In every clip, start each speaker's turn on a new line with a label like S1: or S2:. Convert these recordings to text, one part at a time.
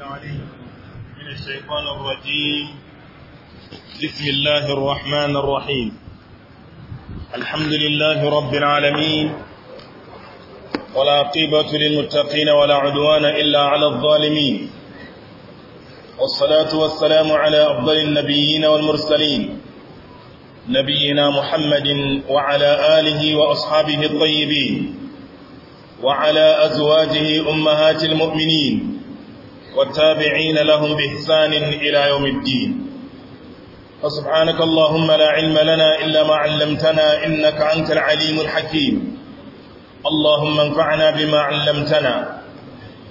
S1: من الشيطان الرجيم بسم الله الرحمن الرحيم الحمد لله رب العالمين ولا قيبة للمتقين ولا عدوان إلا على الظالمين والصلاة والسلام على أفضل النبيين والمرسلين نبينا محمد وعلى آله وأصحابه الطيبين وعلى أزواجه أمهات المؤمنين والتابعين لهم بإحسان إلى يوم الدين فسبحانك اللهم لا علم لنا إلا ما علمتنا إنك أنت العليم الحكيم اللهم انفعنا بما علمتنا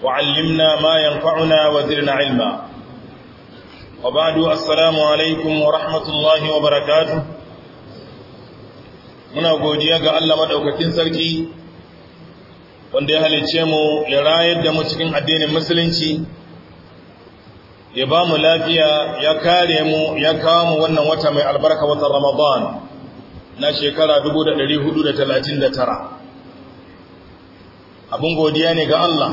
S1: وعلمنا ما ينفعنا وزرنا علما وبعد السلام عليكم ورحمة الله وبركاته muna godiya ga Allah madaukakin sarki wanda ya halicce mu ya rayar da mu cikin addinin musulunci ya ba mu lafiya ya kare mu ya kawo mu wannan wata mai albarka wata Ramadan na shekara 1439 abun godiya ne ga Allah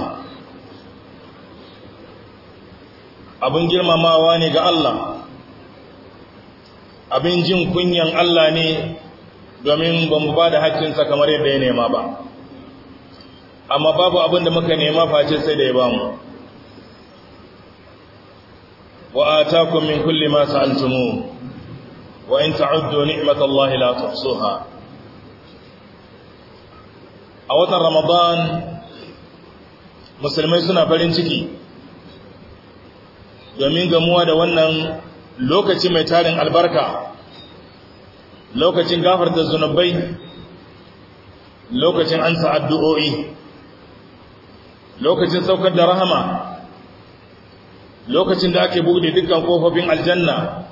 S1: abun girmamawa ne ga Allah abin jin kunyan Allah ne domin ba mu ba da haƙƙinsa kamar yadda ya nema ba amma babu abin da muka nema face sai da ya ba mu وآتاكم من كل ما سألتموه وإن تعدوا نعمة الله لا تحصوها a watan ramadan musulmai suna farin ciki domin gamuwa da wannan lokaci mai tarin albarka lokacin gafarta zunubai lokacin ansa addu'o'i lokacin saukar da rahama lokacin da ake buɗe dukkan kofofin aljanna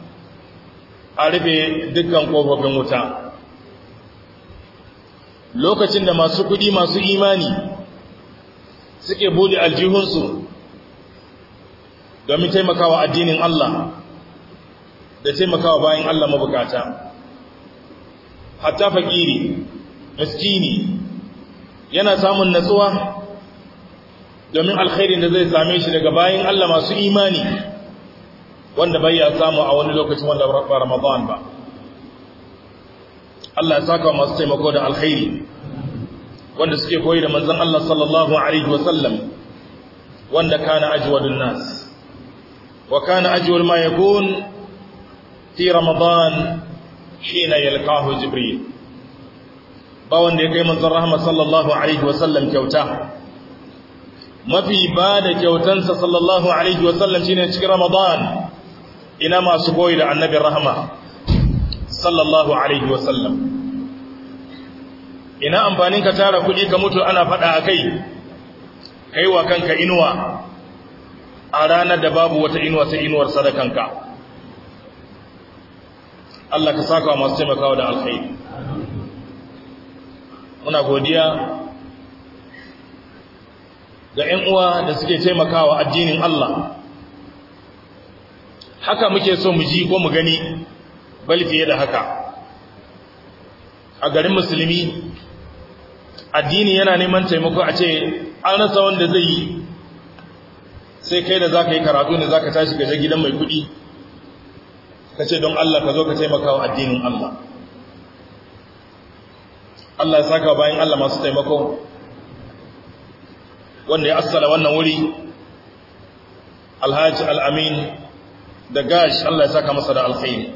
S1: a rufe dukkan kofofin wuta lokacin da masu kuɗi masu imani suke buɗe aljihunsu domin taimakawa addinin Allah da taimakawa bayan Allah mabukata hatta fakiri miskini yana samun natsuwa domin alkhairin da zai same shi daga bayan Allah masu imani wanda bai ya samu a wani lokacin wanda ba Ramadan ba Allah ya saka masu taimako da alkhairi wanda suke koyi da manzon Allah sallallahu alaihi wasallam wanda kana ajwadun nas wa kana ajwal ma yakun fi ramadan hina yalqahu jibril ba wanda ya kai manzon rahma sallallahu alaihi wasallam kyauta mafi ba da kyautansa sallallahu alaihi wasallam shine cikin ramadan ina masu goyi da annabi rahama sallallahu alaihi wasallam ina amfanin ka tara kuɗi ka mutu ana faɗa a kai kai wa kanka inuwa a ranar da babu wata inuwa sai inuwar sadakanka Allah ka saka masu taimakawa da alkhairi muna godiya ga ‘yan uwa da suke taimakawa addinin Allah haka muke so mu ji ko mu gani bal fiye da haka a garin musulmi addini yana neman taimako a ce an tsawon wanda zai yi sai kai da za ka yi karatu ne za ka tashi gaje gidan mai kudi ka ce don Allah ka zo ka taimaka addinin Allah Allah ya saka bayan Allah masu taimako wanda ya assala wannan wuri alhaji al'amin da gash Allah ya saka masa da Alkairi.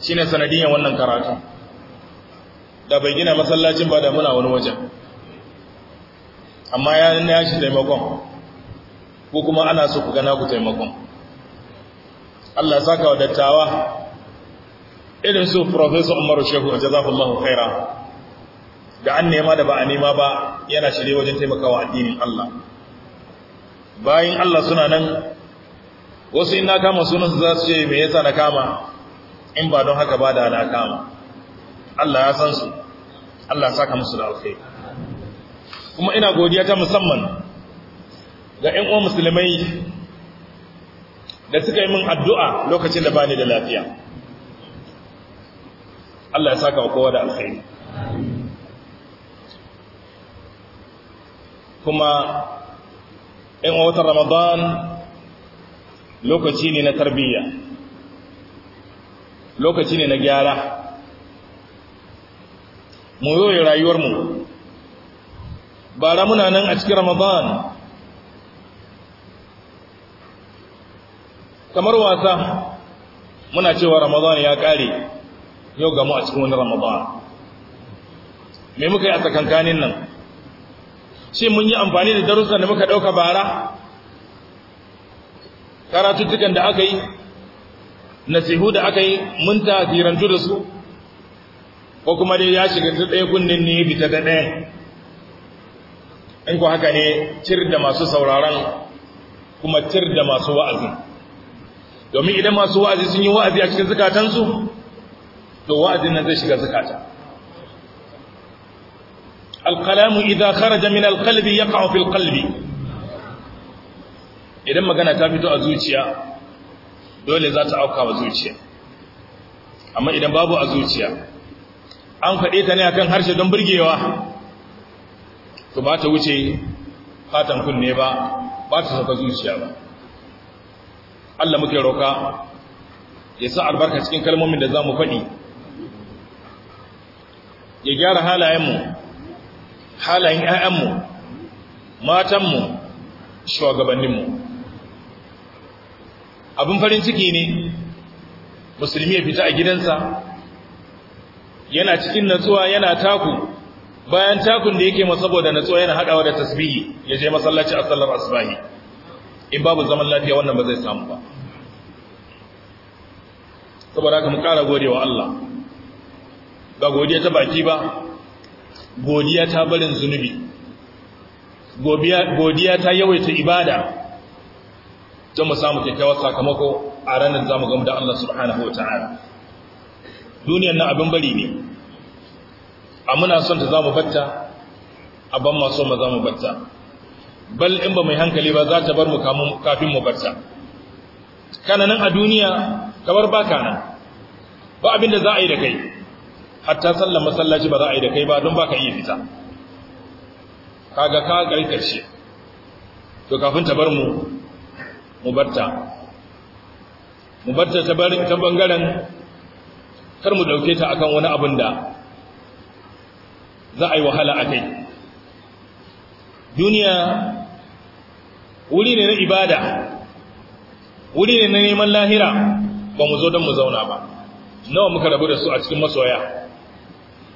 S1: shi ne sanadiyyar wannan karatu da bai gina masallacin ba da muna wani wajen amma ya nuna shi taimakon ko kuma ana so ku gana ku taimakon Allah ya saka wa dattawa irin su Profesor Umaru Shehu a jazakallahu khaira da an nema da ba a nema ba yana shirye wajen taimakawa addinin Allah Bayan Allah suna nan wasu in na kama sunan su za su ce me yasa na kama in ba don haka ba da na kama Allah ya san su Allah ya saka musu da alkhairi kuma ina godiya ta musamman ga ƴan uwan musulmai da suka yi min addu'a lokacin da bani da lafiya Allah ya saka wa kowa da alkhairi kuma in watan ramadan lokaci ne na tarbiyya lokaci ne na gyara mu yoye rayuwarmu bara muna nan a cikin ramadan kamar wasa muna cewa ramadan ya kare yau gamu a cikin wani ramadan me muka yi a tsakankanin nan shi mun yi amfani da darussan da muka dauka bara karatuttukan da aka yi nasihu da aka yi mun tafirantu da su ko kuma dai ya shiga ta ɗaya kunnin ne fita ta ɗaya in ku haka ne cir da masu sauraron kuma cir da masu wa'azi domin idan masu wa'azi sun yi wa'azi a cikin zukatansu to wa'azin nan zai shiga zukata alkalamu idza kharaja min alqalbi yaqa fil qalbi idan magana ta fito a zuciya dole za ta auka wa zuciya amma idan babu a zuciya an faɗe ta ne akan harshe don burgewa to ba ta wuce fatan kunne ba ba ta saka zuciya ba Allah muke roka ya sa albarka cikin kalmomin da za mu faɗi ya gyara halayen mu. halayen ‘ya'yanmu matanmu shugabanninmu abin farin ciki ne musulmi ya fita a gidansa yana cikin natsuwa yana taku bayan takun da yake ma saboda natsuwa yana haɗawa da tasbihi ya je masallaci a sallar asbahi in babu zaman lafiya wannan ba zai samu ba saboda haka mu kara godewa Allah ga godiya ta baki ba godiya ta barin zunubi godiya ta yawaita ibada don mu samu kyakkyawar sakamako a ranar zamu gamu da Allah subhanahu wataala duniyar nan abin bari ne a muna son ta zamu batta a ban ma za mu zamu batta bal in ba mai hankali ba za ta bar mu kafin mu batta kana nan a duniya kamar baka nan ba abin da za a yi da kai hatta sallar masallaci ba za a yi da kai ba don baka iya fita kaga ka karkace to kafin ta bar mu mu barta mu barta ta bar ta bangaren kar mu dauke ta akan wani abin da za a yi wahala a kai duniya wuri ne na ibada wuri ne na neman lahira ba mu zo don mu zauna ba nawa muka rabu da su a cikin masoya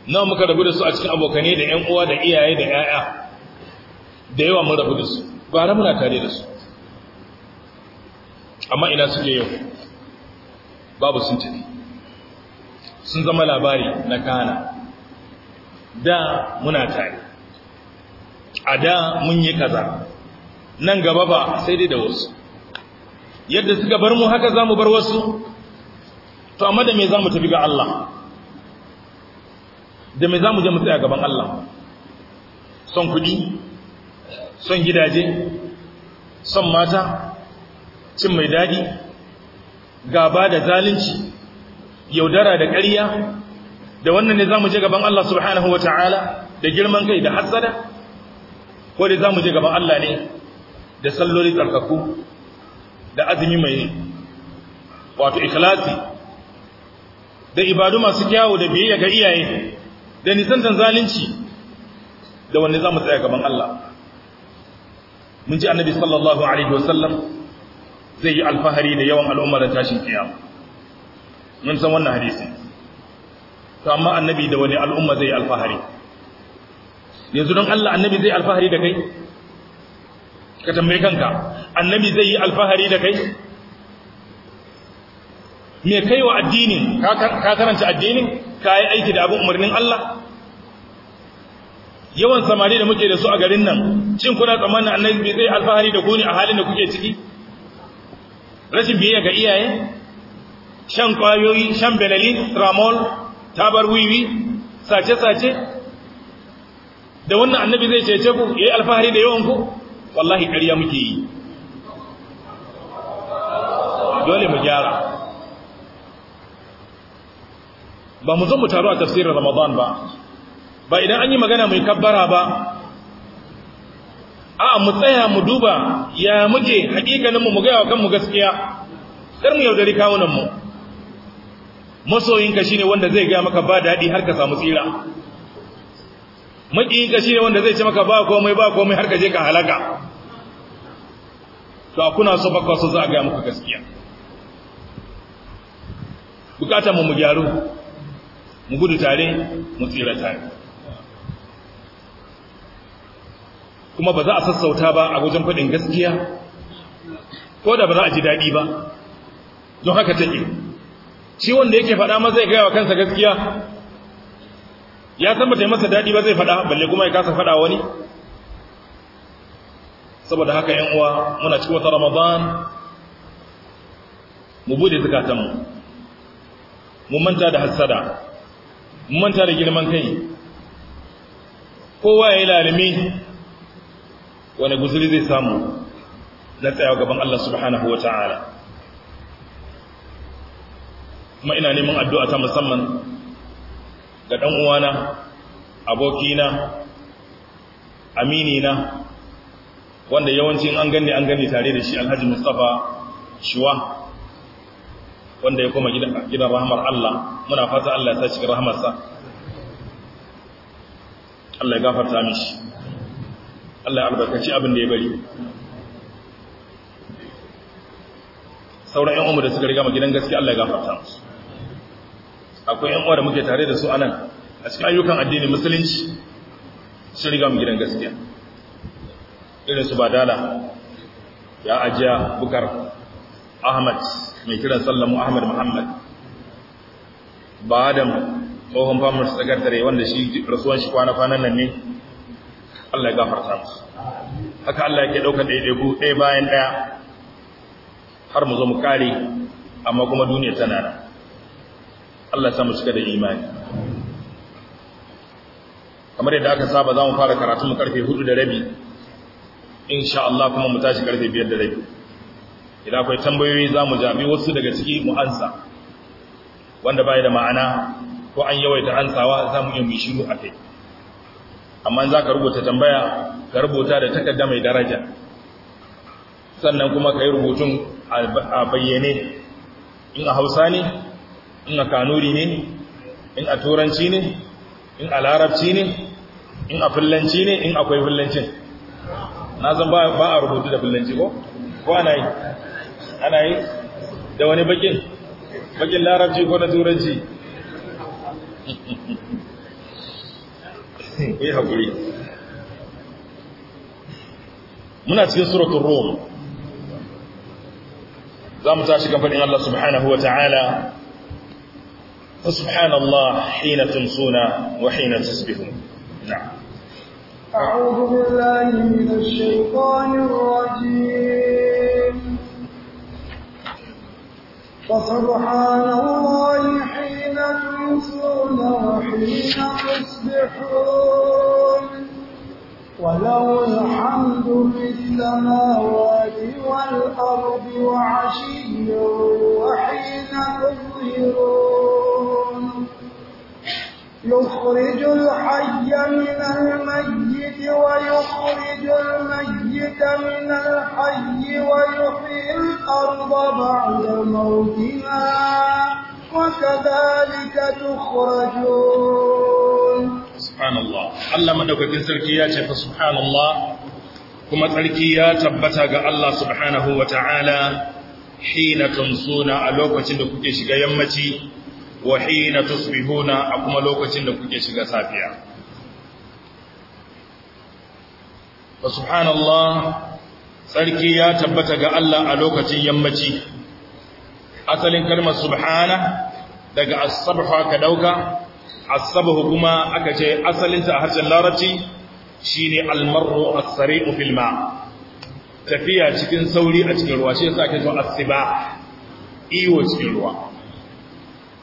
S1: nawa muka rabu da su a cikin abokane da ƴan uwa da iyaye da ƴaƴa da yawa mun rabu da su gwara muna tare da su amma ina suke yau babu sun tafi sun zama labari na kana da muna tare a da mun yi kaza nan gaba ba sai dai da wasu yadda suka bar mu haka za mu bar wasu to amma da me za mu tafi ga Allah da mai za mu je mu tsaya gaban Allah son kuɗi son gidaje son mata cin mai daɗi gaba da zalunci yaudara da ƙarya da wannan ne za mu je gaban Allah subhanahu wa da girman kai da hatsada, ko da za mu je gaban Allah ne da salloli tsarkaku da azumi mai wato ikhlasi da ibadu masu kyawu da biyayya ga iyaye da nisantan zalunci da wanne za mu tsaya gaban Allah mun ji annabi sallallahu alaihi wasallam zai yi alfahari da yawan al'umma da tashin kiyama mun san wannan hadisi to amma annabi da wani al'umma zai yi alfahari yanzu don Allah annabi zai alfahari da kai ka tambaye kanka annabi zai yi alfahari da kai me kai wa addinin ka karanta addinin ka yi aiki da abin umarnin Allah yawan samari da muke da su a garin nan cin kuna tsammanin annabi zai alfahari da ku ne a halin da kuke ciki rashin biyayya ga iyaye shan kwayoyi shan belalin ramol tabar wiwi sace-sace da wannan annabi zai cece ku yayi alfahari da yawan ku wallahi ƙarya muke yi
S2: dole mu gyara
S1: ba mu zo mu taru a tafsirin ramadan ba ba idan an yi magana mai kabbara ba a mu tsaya mu duba ya muke hakikaninmu mu gaya wa kanmu gaskiya kar mu yaudari kawunanmu masoyinka shine wanda zai gaya maka ba daɗi har ka samu tsira maƙiyinka shine wanda zai ce maka ba komai ba komai har ka je ka halaka to a kuna so bakwa so za a gaya maka gaskiya bukatar mu mu gyaru mu gudu tare mu tsira tare kuma ba za a sassauta ba a wajen faɗin gaskiya ko da ba za a ji daɗi ba don haka take shi wanda yake faɗa ma zai gaya wa kansa gaskiya ya san bata yi masa daɗi ba zai faɗa balle kuma ya kasa faɗa wani saboda haka ‘yan uwa muna cikin wata ramadan mu bude zukatanmu mu manta da hassada mu manta da girman kai kowa ya yi lalimi wani guzuri zai samu na tsayawa gaban Allah subhanahu wata'ala kuma ina neman addu'a ta musamman ga ɗan uwana abokina aminina wanda yawancin an gani an gani tare da shi alhaji mustapha shuwa wanda ya koma gidan rahamar Allah muna fata Allah ya sa shi rahamarsa Allah ya gafarta mishi Allah ya albarkaci abin da ya bari sauran yan umar da suka riga ma gidan gaske Allah ya gafarta musu akwai yan uwa da muke tare da su anan a cikin ayyukan addini musulunci sun riga mu gidan gaske. irin su badala ya ajiya bukar ahmad mai kiran sallamu ahmad muhammad ba adam tsohon famar su tare wanda shi rasuwan shi kwana-kwanan nan ne Allah ya gafarta musu haka Allah yake daukar daidaiku ɗaya bayan ɗaya har mu zo mu kare amma kuma duniya tana nan Allah samu cika da imani kamar yadda aka saba za mu fara karatu mu karfe hudu da rabi insha Allah kuma mu tashi karfe biyar da rabi idan akwai tambayoyi za mu jami wasu daga ciki mu ansa wanda baya da ma'ana ko an yawaita ansawa za mu iya mu shiru a kai amma za ka rubuta tambaya ka rubuta da takarda mai daraja sannan kuma ka yi rubutun a bayyane in a hausa ne in a kanuri ne in a turanci ne in a larabci ne in a fullanci ne in akwai fullancin na zan ba a rubutu da fullanci ko? ko ana yi ana yi da wani bakin bakin larabci ko na turanci ku yi haƙuri muna cikin suratun rum za mu tashi kan faɗin Allah subhanahu wa ta'ala فسبحان الله حين تمسون وحين تصبحون نعم
S2: أعوذ بالله من الشيطان الرجيم فسبحان الله حين تمسون تمسون وحين تصبحون وله الحمد في السماوات والأرض وعشي وحين تظهرون يخرج الحي من الميت ويخرج الميت من الحي ويحيي الأرض بعد موتها Kun sadani ta
S1: ya ce. Kuma tsarki ya tabbata ga Allah subhanahu wa ta'ala, a lokacin da kuke shiga yammaci, wuxina tun suna a kuma lokacin da kuke shiga safiya. Subhanallah. Tsarki ya tabbata ga Allah a lokacin yammaci. asalin kalmar subhana daga as ka dauka asabhu kuma aka ce asalinta a harshen larabci shine al as-sari'u fil ma tafiya cikin sauri a cikin ruwa shi yasa ake cewa as-siba iwo cikin ruwa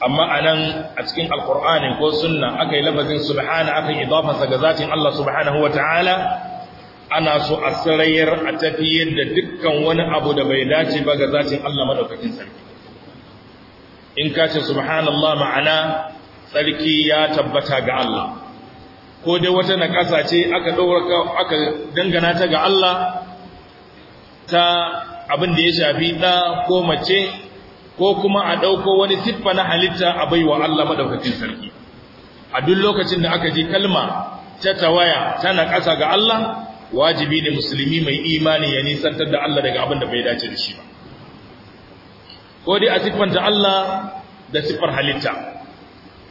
S1: amma anan a cikin alqur'ani ko sunna aka lafazin subhana akan yi ga zatin Allah subhanahu wa ana so a sarayar a tafiyar da dukkan wani abu da bai dace ba ga zatin Allah madaukakin sarki in ka ce subhanallah ma'ana tsarki ya tabbata ga Allah ko dai wata naƙasa ce aka ɗauraka aka dangana ta ga Allah ta abin da ya shafi ɗa ko mace ko kuma a ɗauko wani siffa na halitta a baiwa Allah maɗaukacin sarki a duk lokacin da aka ji kalma ta tawaya tana kasa ga Allah wajibi ne musulmi mai imani ya nisantar da Allah daga abin da bai dace da shi ba ko dai a siffanta Allah da siffar halitta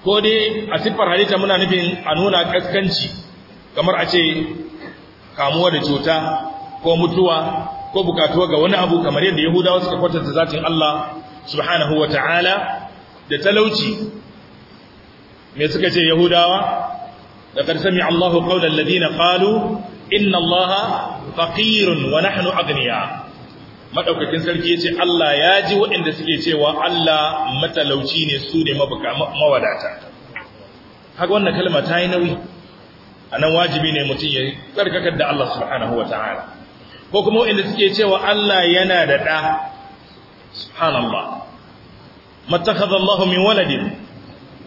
S1: ko dai a siffar halitta muna nufin a nuna kaskanci kamar a ce kamuwa da cuta ko mutuwa ko bukatuwa ga wani abu kamar yadda yahudawa suka kwatanta zatin Allah subhanahu wa ta'ala da talauci me suka ce yahudawa Da sami'a Allahu qawla ladina qalu inna Allaha faqirun wa nahnu agniya. madaukakin sarki ya ce Allah ya ji waɗanda suke cewa Allah matalauci ne su ne mawadata haka wannan kalma ta yi nauyi nan wajibi ne mutum ya tsarkakar da Allah subhanahu ko kuma waɗanda suke cewa Allah yana da ɗa subhanallah mattakhadha Allah min waladin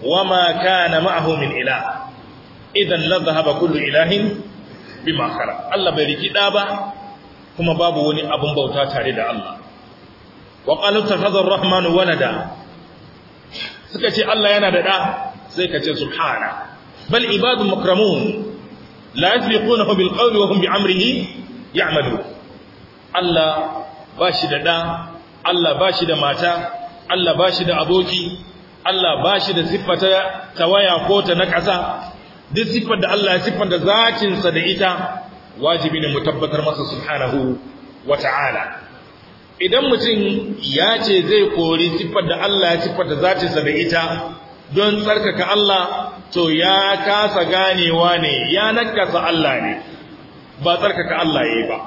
S1: wama kana ma'ahu min ila, idan la dhahaba kullu ilahin bi makara. Allah bai riki ɗa ba kuma babu wani abun bauta tare da Allah wa qalu takhadha ar-rahman walada suka ce Allah yana da da sai ka ce subhana bal ibadu mukramun la yasbiqunahu bil qawli wa hum bi amrihi ya'malu Allah bashi da da Allah bashi da mata Allah bashi da aboki Allah bashi da siffata tawaya ko ta na ƙasa duk siffar da Allah ya siffanta zakinsa da ita wajibi ne mu tabbatar masa subhanahu wata'ala idan mutum ya ce zai kori siffar da Allah ya siffata da zatinsa da ita don tsarkaka Allah to ya kasa ganewa ne ya nakasa Allah ne ba tsarkaka Allah yayi ba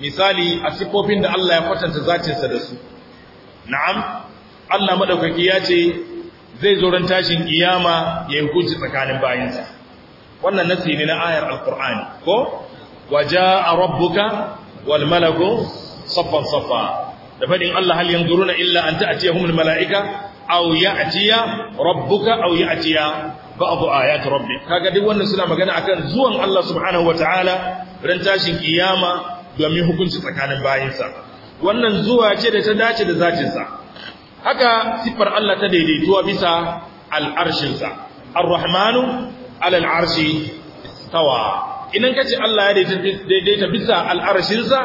S1: misali a siffofin da Allah ya kwatanta zatinsa da su na'am Allah madaukaki ya ce zai zo ran tashin kiyama ya hukunci tsakanin bayinsa wannan nasi ne na ayar alqur'ani ko wa jaa rabbuka wal saffan saffa da faɗin Allah hal yanzuruna illa an ta'tiyahumul malaika aw ya'tiya rabbuka aw ya'tiya ba'du ayati rabbi kaga duk wannan suna magana akan zuwan Allah subhanahu wataala ran tashin kiyama domin hukunci tsakanin bayansa wannan zuwa ce da ta dace da zatinsa haka siffar Allah ta daidaituwa bisa al'arshinsa ar-rahmanu 'ala al-'arshi istawa idan kace Allah ya daidaita bisa al'arshinsa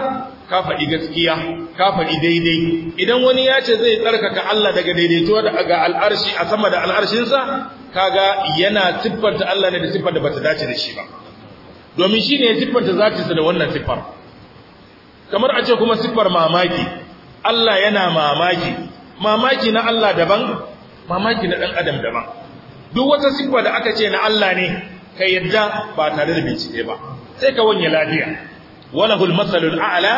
S1: ka faɗi gaskiya ka faɗi daidai idan wani ya ce zai tsarkaka Allah daga daidaituwa daga al'arshi a sama da al'arshinsa kaga yana siffanta Allah ne da siffar da bata dace da shi ba domin shi ne ya siffanta zatinsa da wannan siffar kamar a ce kuma siffar mamaki Allah yana mamaki mamaki na Allah daban mamaki na ɗan adam daban duk wata siffa da aka ce na Allah ne ka yadda ba tare da bincike ba sai ka wanye lafiya walahul masalul a'la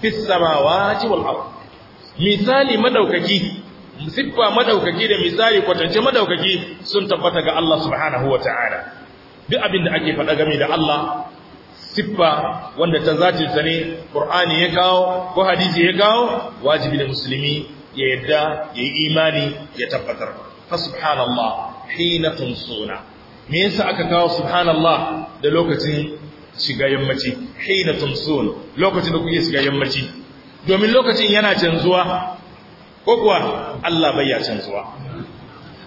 S1: fis samawati wal ard misali madaukaki siffa madaukaki da misali kwatance madaukaki sun tabbata ga Allah subhanahu wataala duk abin da ake faɗa game da Allah siffa wanda ta zace ta ne Qur'ani ya kawo ko hadisi ya kawo wajibi da musulmi ya yadda ya yi imani ya tabbatar fa subhanallah hina tunsuna me yasa aka kawo subhanallah da lokacin shiga yammaci hina tumsun lokacin da kuke shiga yammaci domin lokacin yana canzuwa ko kuwa Allah bai ya canzuwa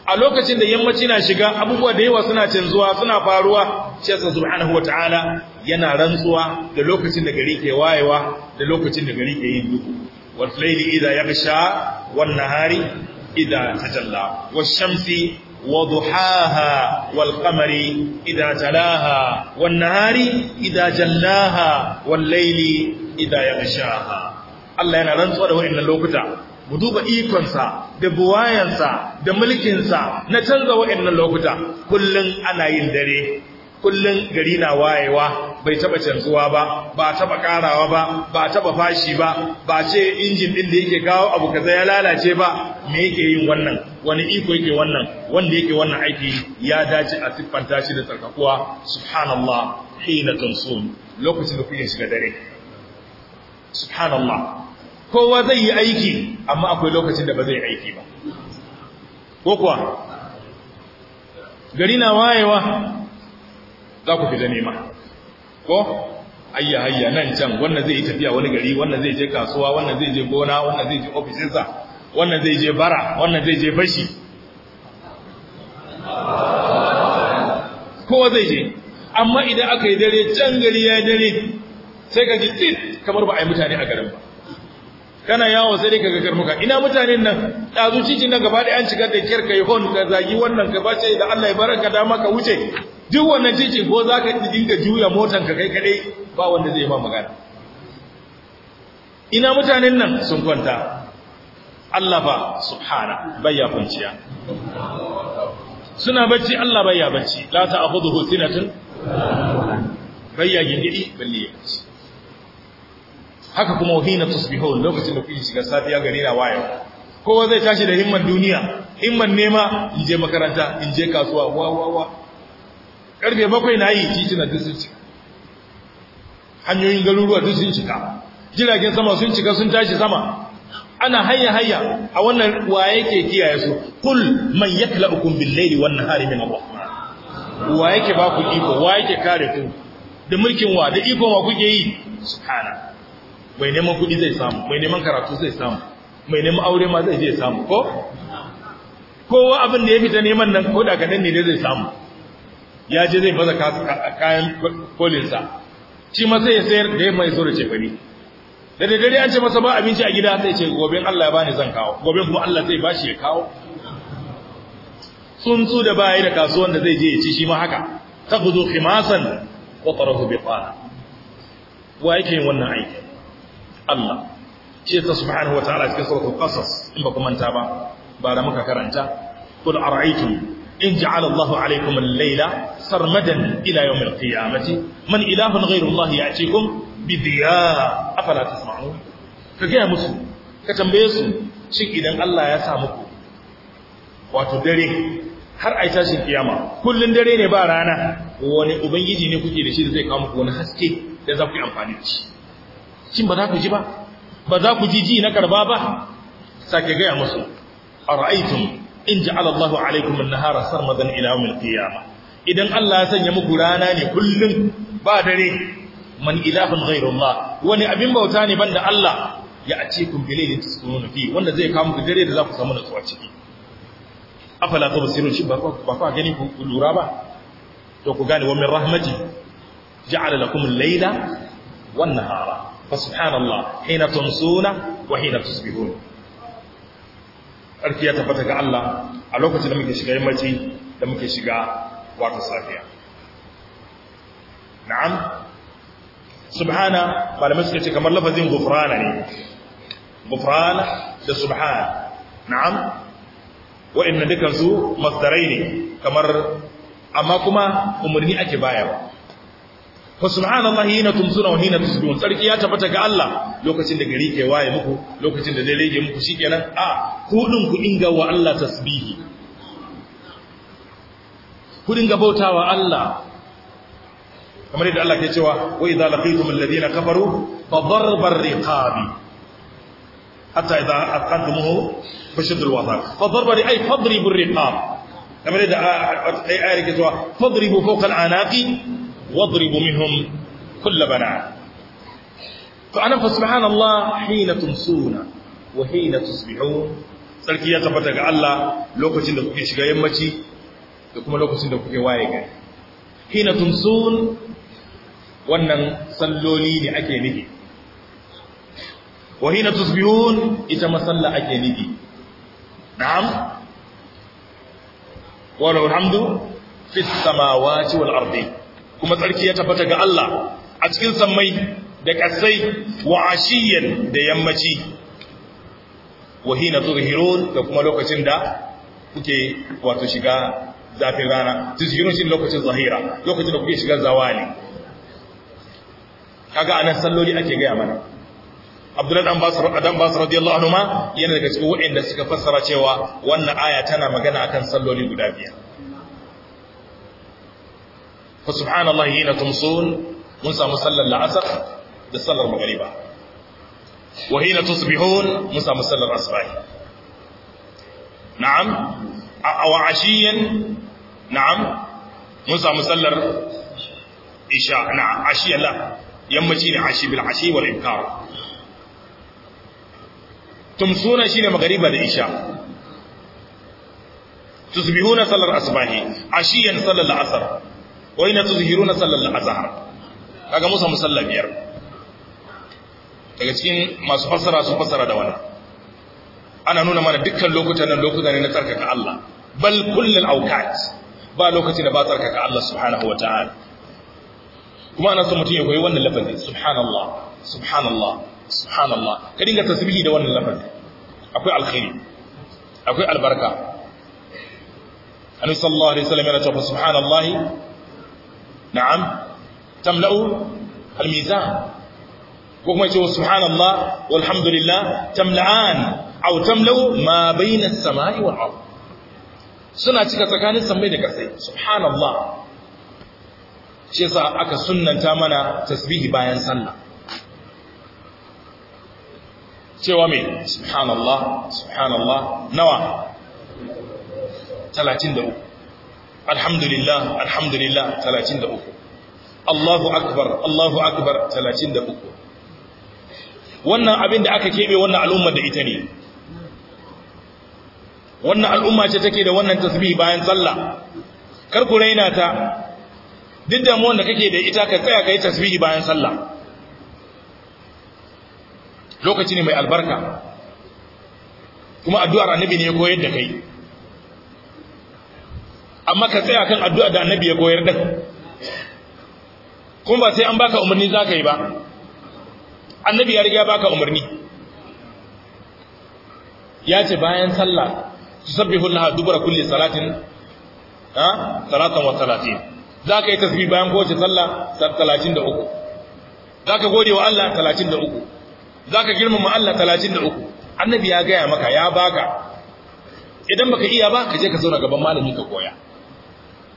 S1: a lokacin da yammaci na shiga abubuwa da yawa suna canzuwa suna faruwa shi yasa subhanahu wataala yana rantsuwa da lokacin da gari ke wayewa da lokacin da gari ke yin duhu wal layli idha yaghsha wan nahari idha tajalla wash shamsi وضحاها والقمر إذا تلاها والنهار إذا جلاها والليل إذا يغشاها الله yana rantsuwa da wayannan lokuta mu duba ikonsa da buwayansa da mulkinsa na canza wayannan lokuta kullun ana yin dare kullun gari na wayewa bai taba canzuwa ba ba taba karawa ba ba taba fashi ba ba ce injin din da yake kawo abu kaza ya lalace ba me yake yin wannan wani iko yake wannan wanda yake wannan aiki ya dace a siffanta shi da tsarkakuwa subhanallah hina tansun lokacin da kuke shiga dare subhanallah kowa zai yi aiki amma akwai lokacin da ba zai aiki ba ko kuwa gari na wayewa za ku fita nema ko ayya ayya nan can wannan zai yi tafiya wani gari wannan zai je kasuwa wannan zai je gona wannan zai je ofisinsa wannan zai je bara wannan zai je bashi kowa zai je amma idan aka yi dare can gari ya dare sai ka ji tit kamar ba a yi mutane a garin ba kana yawo sai dai kaga karmuka ina mutanen nan dazu cikin nan gaba da an shigar da kirka yi hon ka zagi wannan ka bace da Allah ya baraka da ka wuce duk wannan cikin ko zaka dinga juya motan ka kai kadai ba wanda zai ma magana ina mutanen nan sun kwanta Allah ba subhana bayya kunciya suna bacci Allah bayya bacci la ta'khudhuhu sinatun bayya gidi balle ya ci haka kuma wahina tusbihun lokacin da kuke shiga safiya gari na wayo kowa zai tashi da himman duniya himman nema in je makaranta in je kasuwa wa wa wa karfe bakwai na yi titina duk sun cika hanyoyin garuruwa duk sun cika jiragen sama sun cika sun tashi sama ana hayya hayya a wannan wa yake kiyaye su kul man yaklaukum bil laili wan nahari min Allah wa yake ba ku iko wa yake kare ku da mulkin wa da iko ma kuke yi subhana mai neman kuɗi zai samu mai neman karatu zai samu mai neman aure ma zai je samu ko kowa abin da ya fita neman nan ko daga nan ne zai samu ya je zai baza kayan kolinsa shi ma sai ya sayar da ya mai so da fari. da daidai an ce masa ba abinci a gida sai ce gobe Allah ya bani zan kawo gobe kuma Allah zai bashi ya kawo tsuntsu da bayi da kasuwan da zai je ya ci shi ma haka kimasan ko wa tarahu biqana wa yake wannan aikin Allah ce ta subhanahu wa ta'ala cikin suratul qasas in ba ku manta ba ba da muka karanta Kul ara'aytum in ja'ala Allahu alaykum al-layla sarmadan ila yawm al-qiyamati man ilahun ghayru Allah ya'tikum bi diya afala tasma'un ka ga musu ka tambaye su shin idan Allah ya sa muku wato dare har a yi kiyama kullun dare ne ba rana wani ubangiji ne kuke da shi da zai kawo muku wani haske da za ku yi amfani da shi shin ba za ku ji ba ba za ku ji ji na karba ba sake gaya musu ra'aitun, in ja'alallahu Allahu alaykum nahara sarmadan ila yawm al idan Allah ya sanya muku rana ne kullum ba dare man ilahun ghairullah wani abin bauta ne banda Allah ya atikum bilailin taskununa fi wanda zai kawo muku dare da za ku samu nutsuwa ciki afala tubsirun shi ba ba fa gani ku lura ba to ku gane wa min rahmati ja'ala lakum al-laila wan nahara فسبحان الله حين تمسون وحين تصبحون ƙarfi ya tabbata ga Allah a lokacin da muke shiga yammaci da muke shiga wato safiya na'am subhana malamai suka ce kamar lafazin gufrana gufrana da subhana na'am wa'annan dukansu masdarai ne kamar amma kuma umarni ake ba. fa subhanallahi hina tumsuna wa hina tusbihun sarki ya tabbata ga Allah lokacin da gari ke waye muku lokacin da dare ke muku shikenan a ku ku dinga wa Allah tasbihi ku dinga bautawa Allah kamar yadda Allah ke cewa wa idza laqitum alladhina kafaru fa darbar riqabi hatta idza aqadmuhu fashadd alwathaq fa darbari ay fadribu riqab kamar yadda ayar ke cewa fadribu fawqa al'anaqi wadribu minhum kula bana to anan fa subhanallah hina tumsuna wa hina tusbihun sarki ya tabbata ga Allah lokacin da kuke shiga yammaci da kuma lokacin da kuke waye gari hina tumsun wannan salloli ne ake nufi wa hina tusbihun ita masalla ake nufi na'am wa lahu ardi kuma tsarki ya tabbata ga Allah a cikin sammai da ƙasai wa ashiyan da yammaci wa hina tuzhirun da kuma lokacin da kuke wato shiga zafin rana tuzhirun shi lokacin zahira lokacin da kuke shiga zawali kaga anan salloli ake gaya mana Abdullahi dan Basir dan Basir radiyallahu anhu ma yana daga cikin wa'anda suka fassara cewa wannan aya tana magana akan salloli guda biyar fa subhanallahi hina tumsun mun samu sallar la'asar da sallar magariba wa hina tusbihun mun samu sallar asbahi na'am aw ashiyan na'am mun samu sallar isha na ashiya la yammaci da ashi bil ashi wal inkar tumsuna shine da isha sallar sallar la'asar wai na tuzhiru na sallar azhar kaga musa musalla biyar daga cikin masu fasara su fasara da wani? ana nuna mana dukkan lokutan nan lokuta ne na tsarkaka Allah bal kullul awqat ba lokaci da ba tsarkaka Allah subhanahu wa wataala kuma ana son mutum ya koyi wannan lafazi subhanallah subhanallah subhanallah ka dinga tasbihi da wannan lafazi akwai alkhairi akwai albarka annabi sallallahu alaihi wasallam yana cewa subhanallahi na'am tamla'u al-mizan ko kuma ce subhanallah walhamdulillah tamla'an aw tamla'u ma bayna as-sama'i wal ard suna cika tsakanin sammai da kasai subhanallah shi aka sunnanta mana tasbihi bayan sallah cewa me subhanallah subhanallah nawa alhamdulillah alhamdulillah 33 Allahu akbar Allahu akbar 33 wannan abin da aka kebe wannan al'ummar da ita ne wannan al'umma ce take da wannan tasbih bayan sallah kar ku raina ta duk da mu wanda kake da ita ka tsaya kai tasbih bayan sallah lokaci ne mai albarka kuma addu'ar annabi ne ya koyar da kai amma ka tsaya kan addu'a da annabi ya koyar da kuma ba sai an baka umarni za ka yi ba annabi ya riga baka umarni ya ce bayan sallah subbihu laha dubra kulli salatin ha salatan wa salatin zaka yi tasbih bayan kowace sallah Za zaka gode wa Allah da Za zaka girmama Allah da uku? annabi ya gaya maka ya baka idan baka iya ba ka je ka zauna gaban malami ka koya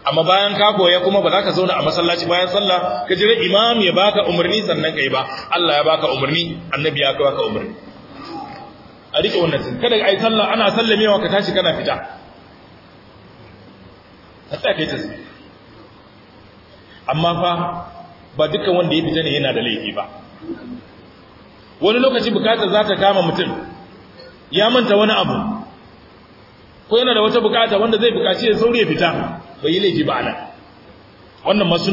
S1: amma bayan ka koya kuma ba za ka zauna a masallaci bayan sallah ka jira imam ya baka umarni sannan kai ba Allah ya baka umarni annabi ya baka umarni a rike wannan tun kada ai sallah ana sallamewa ka tashi kana fita ka tsaya kai tasbih amma fa ba dukkan wanda ya fita ne yana da laifi ba wani lokaci bukatar za ta kama mutum ya manta wani abu ko yana da wata bukata wanda zai bukaci ya sauri ya fita bai yi laifi ba ana wannan ma ce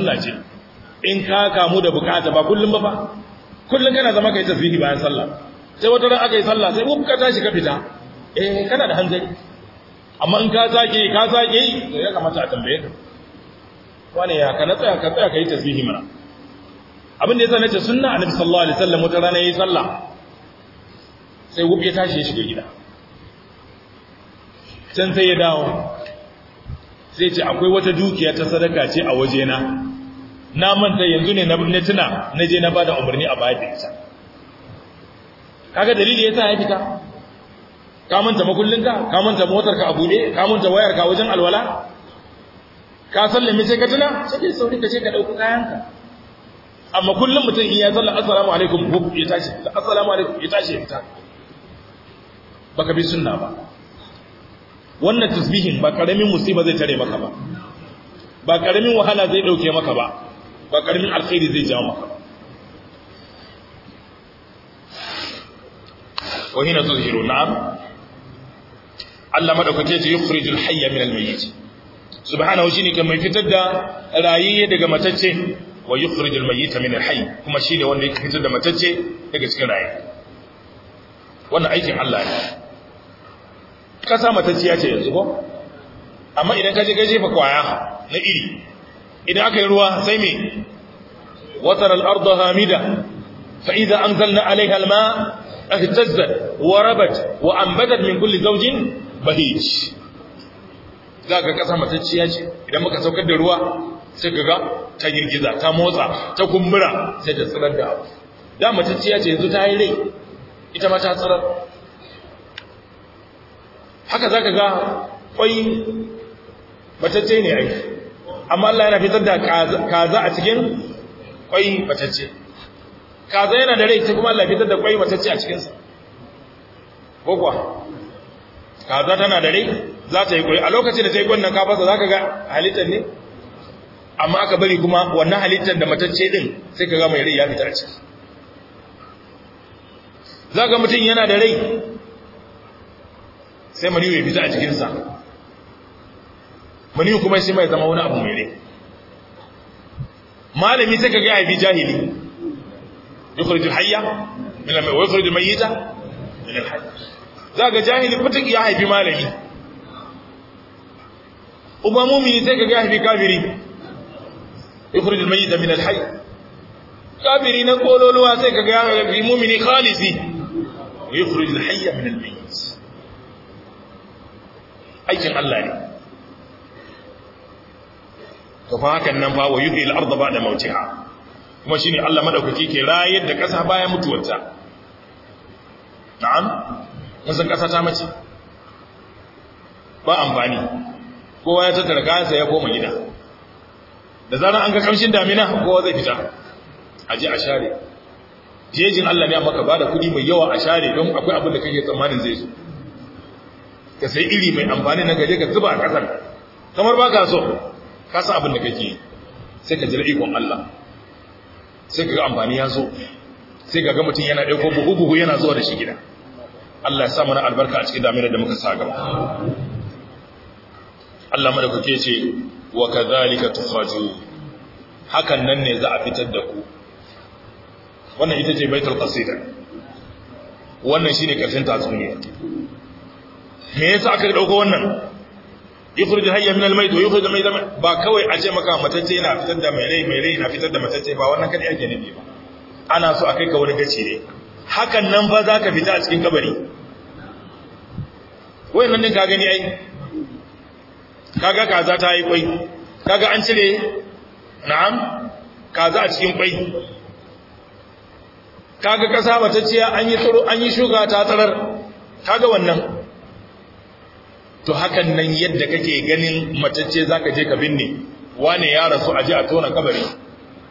S1: in ka kamu da bukata ba kullum ba fa kullum kana zama kai tasbihi bayan sallah sai wata ran aka yi sallah sai ka tashi ka fita eh kana da hanzari amma in ka sake ka sake to ya kamata a tambaye ka wani ya ka tsaya ka tsaya kai tasbihi mana abin da yasa nace sunna annabi sallallahu alaihi wasallam wata rana yayi sallah sai wuf ya tashi ya shiga gida can sai ya dawo sai ce akwai wata dukiya ta sadaka ce a wajena na manta yanzu ne na tuna na je na bada umarni a baya da ita kaga dalili yasa ya fita ka manta makullinka ka manta motarka a bude ka manta wayarka wajen alwala ka sallame sai ka tuna sai sauri ka ce ka dauki kayanka amma kullum mutum in ya sallama assalamu alaikum ya tashi assalamu alaikum ya tashi ya fita baka bi sunna ba wannan tasbihin ba karamin musiba zai tare maka ba ba karamin wahala zai dauke maka ba ba karamin alkhairi zai jawo maka wa hina tuzhiru na'am Allah madaukake ce yukhrijul hayya min mayyit subhanahu shine kan mai fitar da rayiye daga matacce wa yukhrijul mayyita min alhayy kuma shine wanda yake fitar da matacce daga cikin rayi wannan aikin Allah ne Kasa matacciya ce yanzu ko amma idan ka je ka jefa kwaya na iri idan aka yi ruwa sai me watar al-ardu hamida fa idza anzalna alaiha al-ma ihtazzat wa rabat wa anbatat min kulli zawjin bahij za kasa ƙasa matacciya ce idan muka saukar da ruwa sai kaga ga ta girgiza ta motsa ta kumbura sai ta tsirar da abu da matacciya ce yanzu ta yi rai ita ma ta tsirar haka zaka ga kwai batacce ne ai amma Allah yana fitar da kaza a cikin kwai batacce kaza yana da rai kuma Allah fitar da kwai batacce a cikin sa ko kuwa kaza tana da rai za ta yi kwai a lokacin da ta yi kwan nan za zaka ga halittar ne amma aka bari kuma wannan halittar da matacce din sai ka ga mai rai ya fitar ciki ga mutum yana da rai sai Mani ya fita a cikinsa maniyu kuma shi mai zama wani abu mai rai malami sai ka ga ya fi jahili yukhrijul hayya min al wa yukhrijul mayyita min al hayy za ga jahili fitik ya haifi malami uba mumini sai ka ga ya haifi kafiri yukhrijul mayyita min al hayy kafiri na kololuwa sai ka ga ya haifi mumini khalisi wa yukhrijul hayya min al aikin Allah ne to fa hakan nan fa wa yuhil arda ba'da mautiha kuma shine Allah madaukaki ke rayar da kasa bayan mutuwarta na'am mun ƙasa kasa ta mace ba amfani kowa ya tattara kayansa ya koma gida da zaran an ga kamshin damina kowa zai fita aje a share jejin Allah ne amma ka bada kuɗi mai yawa a share don akwai abin da kake tsammanin zai zo ka sai iri mai amfani na gaje ka zuba a kasar kamar ba ka so ka sa abin da kake sai ka jira ikon Allah sai ka ga amfani ya zo sai ka ga mutum yana ɗauko buhu buhu yana zuwa da shi gida Allah ya sa mana albarka a cikin damina da muka sa gaba Allah madaukake ce wa kadhalika tukhraju hakan nan ne za a fitar da ku wannan ita ce baitul qasida wannan shine karshen tatsuniya me yasa aka dauko wannan yukhrij hayya min al-mayt wa yukhrij al-mayt ba kawai a ce maka matacce yana fitar da mai rai mai rai yana fitar da matacce ba wannan kadai ake nufi ba ana so a kai ka wani gaci ne hakan nan fa za ka fita a cikin kabari wai nan din ka gani ai kaga kaza ta yi kwai kaga an cire na'am kaza a cikin kwai kaga kasa matacciya an yi tsaro an yi shuka ta tsarar kaga wannan to hakan nan yadda kake ganin matacce zaka je ka binne wane ya rasu a ji a tona kabari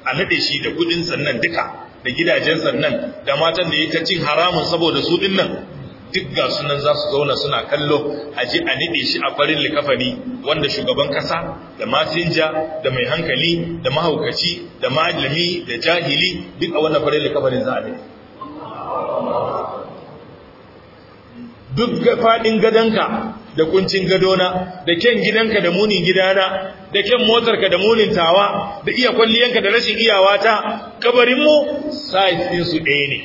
S1: a nade shi da kuɗin sannan duka da gidajen sannan da matan da ta cin haramun saboda su din nan duk ga sunan za su zauna suna kallo a aje a nade shi a farin likafani wanda shugaban kasa da masinja da mai hankali da mahaukaci da malami da jahili duk a wannan farin likafanin za a nade duk faɗin gadonka da kuncin gadona da kyan gidanka da munin gidana da kyan motarka da munin tawa da iya kwalliyanka da rashin iyawa ta kabarin mu size din su ɗaya ne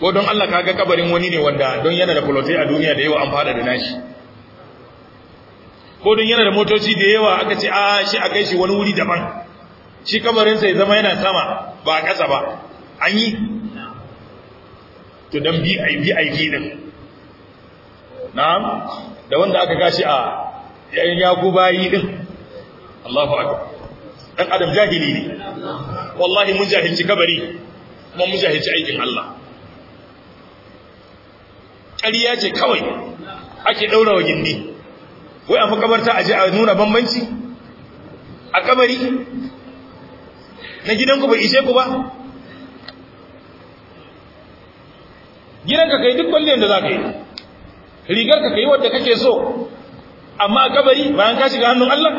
S1: ko don Allah ka ga kabarin wani ne wanda don yana da kulotai a duniya da yawa an fada da nashi ko don yana da motoci da yawa aka ce a shi a kai shi wani wuri daban shi kabarin ya zama yana sama ba a ƙasa ba an yi to dan ai bi, din na'am da wanda aka gashi a yayin yaku bayi din Allahu akbar dan adam jahili ne wallahi mun jahilci kabari kuma mun jahilci aikin Allah ƙarya ce kawai ake daura wa gindi wai a makabarta aje a nuna bambanci a kabari na gidanku bai ishe ku ba gidanka kai duk kwalliyar da za ka yi ka kai wadda kake so amma kabari bayan ka shiga hannun Allah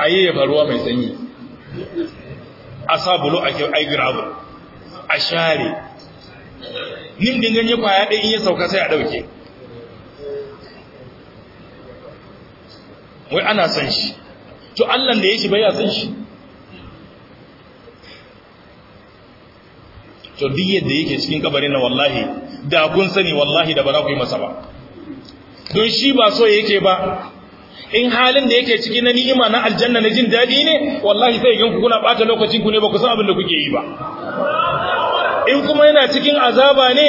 S1: aye ya faruwa mai sanyi a sabulu a kyau ai gravel a share nin ya kwaya ɗaya in ya sauka sai a ɗauke wai ana son shi to Allah da ya shi bai son shi to duk yadda yake cikin kabarin na wallahi da kun sani wallahi da ba za ku yi masa ba don shi ba so yake ba in halin da yake ciki na ni'ima na aljanna na jin daɗi ne wallahi sai ganku kuna bata lokacin ku ne ba ku san abin da kuke yi ba in kuma yana cikin azaba ne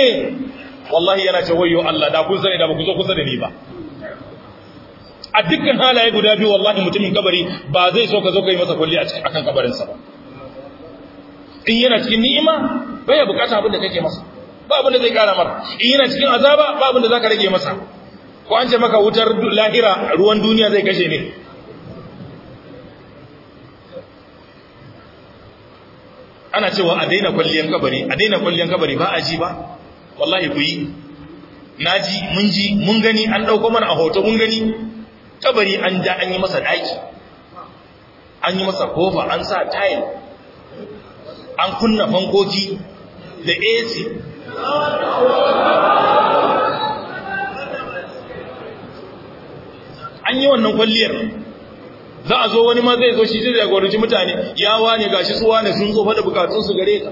S1: wallahi yana ce wayo Allah da kun sani da ba ku zo kusa da ni ba a dukkan halaye guda biyu wallahi mutumin kabari ba zai so ka zo ka yi masa kulli a cikin akan kabarinsa ba in yana cikin ni'ima bai ya bukata abin da kake masa ba abin da zai kara mara, in yana cikin azaba ba abin da zaka rage masa ko an ce maka wutar lahira ruwan duniya zai kashe ne ana cewa a daina kwalliyan kabari a daina kwalliyan kabari ba a ji ba wallahi ku yi na ji mun ji mun gani an ɗauko mana a hoto mun gani kabari an ja an yi masa daki an yi masa kofa an sa tayil, an kunna fankoki da AC an yi wannan kwalliyar za a zo wani ma zai zo shi zai jagoranci mutane ya wane gashi su wane sun zo da bukatunsu gare ka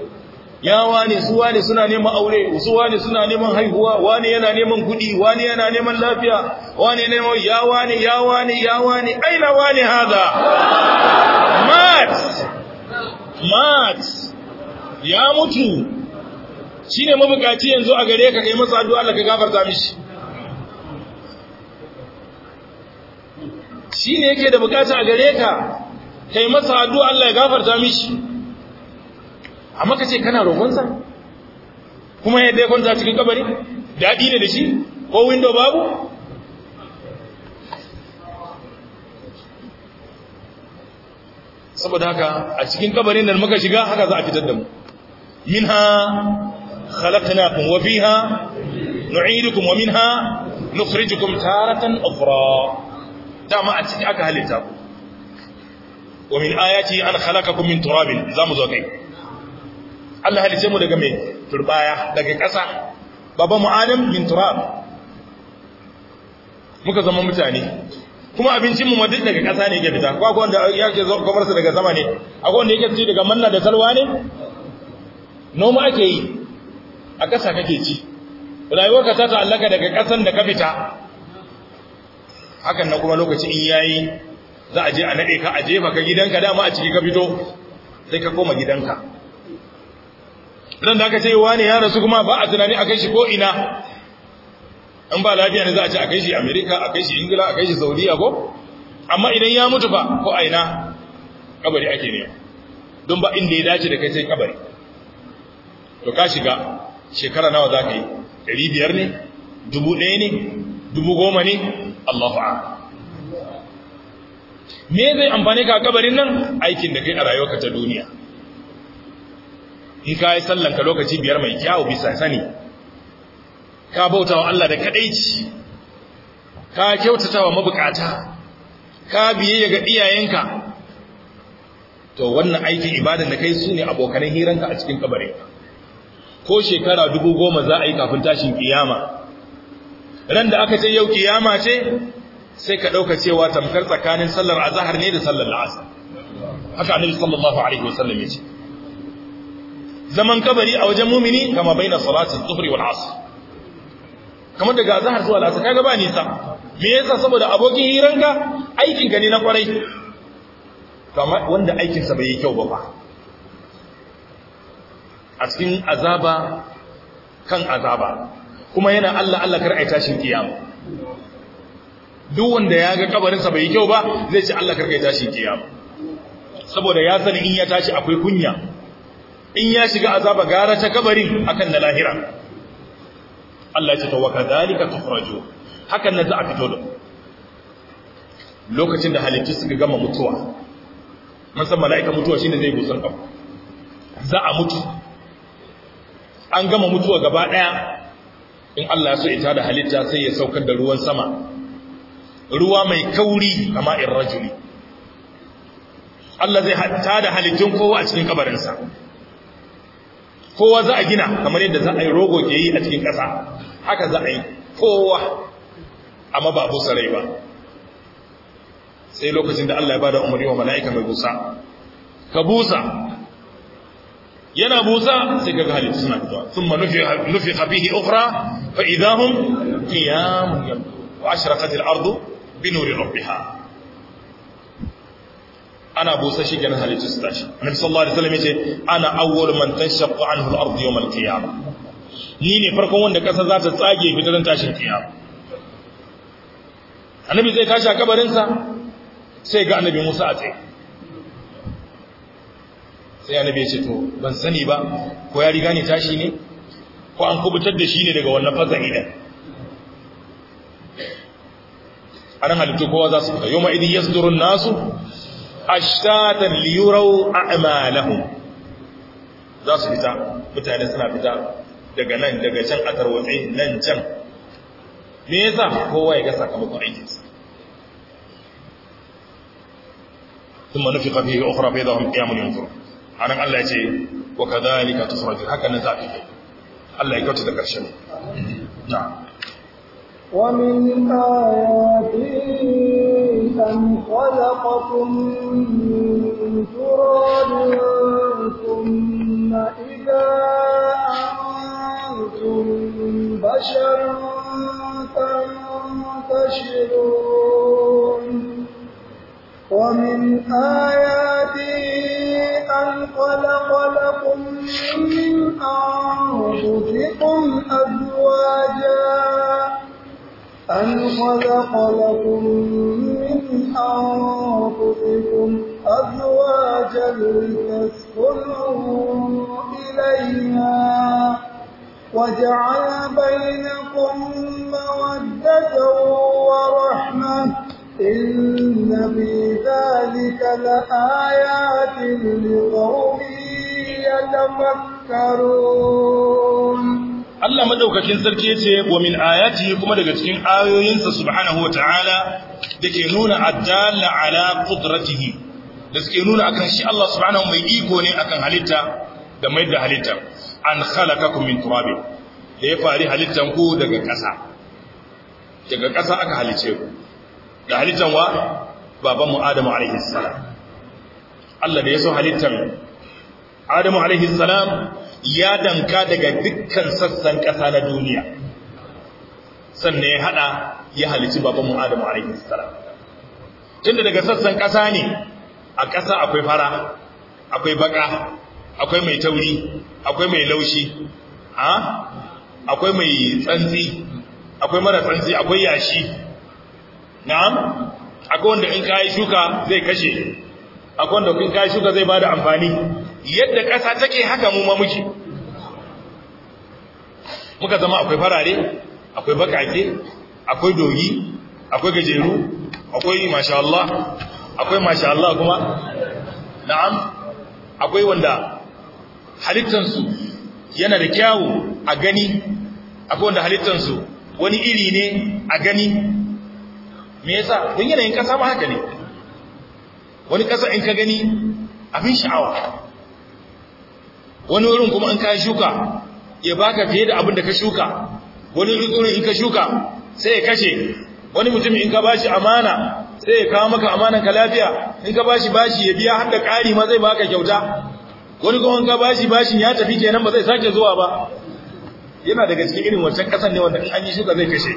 S1: ya wane su wane suna neman aure su wane suna neman haihuwa wane yana neman kudi wane yana neman lafiya wane neman ya wane ya wane ya wane aina wane haza
S2: mat
S1: mat ya mutu shine mabukaci yanzu a gare ka kai masa addu'a Allah ka gafarta mishi shine yake da bukata a gare ka kai masa addu'a Allah ya gafarta mishi amma ka ce kana roƙonsa kuma ya dai kwanta cikin kabari daɗi ne da shi ko windo babu saboda haka a cikin kabarin da muka shiga haka za a fitar da mu minha khalaqnakum wa fiha nu'idukum wa minha nukhrijukum taratan ukhra dama a cikin aka halitta ku wa min ayati an khalaqakum min turabin zamu zo kai Allah halice mu daga mai turbaya daga ƙasa baba mu adam bin turab muka zama mutane kuma abincin mu duk daga ƙasa ne yake fita ko akwai wanda yake kamar daga sama ne akwai wanda yake ci daga manna da salwa ne noma ake yi a ƙasa kake ci rayuwar ka ta ta'allaka daga ƙasan da ka fita hakan na kuma lokaci in yayi za a je a nade ka a jefa ka gidanka dama a ciki ka fito sai ka koma gidanka ran da aka ce wani ya rasu kuma ba a tunani a kai shi ko ina in ba lafiya ne za a ce a kai shi amerika a kai shi ingila a kai shi saudiya ko amma idan ya mutu ba ko a ina kabari ake ne. don ba inda ya dace da kai sai kabari to ka shiga shekara nawa za ka yi ɗari biyar ne dubu ɗaya ne dubu goma ne allahu a me zai amfani ka kabarin nan aikin da kai a rayuwarka ta duniya in ka yi sallan lokaci biyar mai kyawu bisa sani ka bauta wa Allah da kadaici ka kyautata wa mabukata ka biye ga iyayenka to wannan aikin ibadan da kai su ne abokanan hiranka a cikin kabari ko shekara dubu goma za a yi kafin tashin kiyama ran da aka ce yau kiyama ce sai ka ɗauka cewa tamkar tsakanin sallar azahar ne da sallar la'asa. haka annabi sallallahu alaihi wasallam ya ce zaman kabari a wajen mumini kama na salatin zuhri wal asr kamar daga zahar zuwa lasa kaga ba nisa me yasa saboda abokin hiranka aikin ka ne na kwarai kama wanda aikin sa bai yi kyau ba ba a cikin azaba kan azaba kuma yana Allah Allah kar ai tashin kiyama duk wanda ya ga kabarin sa bai yi kyau ba zai ce Allah kar kai tashin kiyama saboda ya sani in ya tashi akwai kunya in ya shiga azaba gara ta kabarin akan na lahira Allah ya ce tawaka dalika tukhraju hakan na za a fito da lokacin da halittu suka gama mutuwa mun san mala'ika mutuwa shine zai gusar kafa za a mutu an gama mutuwa gaba daya in Allah ya so ita da halitta sai ya saukar da ruwan sama ruwa mai kauri kama irrajuli Allah zai da halittun kowa a cikin kabarinsa kowa za a gina kamar yadda za a yi rogo ke yi a cikin ƙasa haka za a yi kowa amma ba busa rai ba sai lokacin da Allah ya bada umarni wa mala'ika mai busa ka busa yana busa sai ga halittu suna fitowa sun ma nufi habihi ukra fa idahun kiyamun yamdu wa ashraqatil ardu bi nuri rabbiha ana busa shi ganin halittu su tashi annabi sallallahu alaihi wasallam yace ana awwal man tashaqqa anhu al-ard yawm al qiyam ni ne farkon wanda kasa za ta tsage fitaran tashin kiyama annabi zai tashi a kabarin sa sai ga annabi Musa a tsaye sai annabi ya ce to ban sani ba ko ya riga ni tashi ne ko an kubutar da shi ne daga wannan fasari da anan halittu kowa za su fita yawma idin yasdurun nasu ashtatan liyurau a'malahum za su fita mutane suna fita daga nan daga can a tarwatse nan can me yasa kowa ya ga sakamakon aikinsa ثم نفق فيه أخرى فإذا هم قيام A nan Allah ya ce wa ka kadhalika tusrajun haka nan zafi ne Allah ya kyauta da karshen na
S2: wa min ayati أم خلقكم من تراب ثم إذا أنتم بشر تنتشرون ومن آياته أن خلق لكم من أنفسكم أزواجاً أن خلق لكم من أنفسكم أزواجا لتسكنوا إليها وجعل بينكم مودة ورحمة إن في ذلك لآيات لقوم يتفكرون
S1: Allah madaukakin sarki yace wa min ayatihi kuma daga cikin ayoyinsa subhanahu wataala dake nuna addalla ala qudratihi da suke nuna akan shi Allah subhanahu mai iko ne akan halitta da mai da halitta an khalaqakum min turab da ya fari halittan ku daga ƙasa daga ƙasa aka halice ku da halittan wa baban mu Adamu alaihi salam Allah da ya so halittan Adamu alaihi salam ya danka daga dukkan sassan ƙasa na duniya sannan ya haɗa ya halici baban mu Adamu alaihi salam tunda daga sassan ƙasa ne a ƙasa akwai fara akwai baka akwai mai tauri akwai mai laushi akwai mai tsantsi akwai mara tsantsi akwai yashi na'am akwai wanda in ka yi shuka zai kashe akwai da kun kai shuka zai bada amfani yadda ƙasa take haka mu ma muke muka zama akwai farare akwai bakake akwai dogi akwai gajeru akwai masha Allah akwai masha Allah kuma na'am akwai wanda halittansu yana da kyawu a gani akwai wanda halittansu wani iri ne a gani me yasa don yanayin ƙasa ma haka ne wani ƙasa in ka gani abin sha'awa wani wurin kuma in ka shuka ya baka fiye da abin da ka shuka wani wurin in ka shuka sai ya kashe wani mutum in ka bashi amana sai ya kawo maka amanan ka lafiya in ka bashi bashi ya biya har da ƙari ma zai baka kyauta wani kuma in ka bashi bashin ya tafi kenan ba zai sake zuwa ba yana daga cikin irin wancan ƙasan ne wanda an yi shuka zai kashe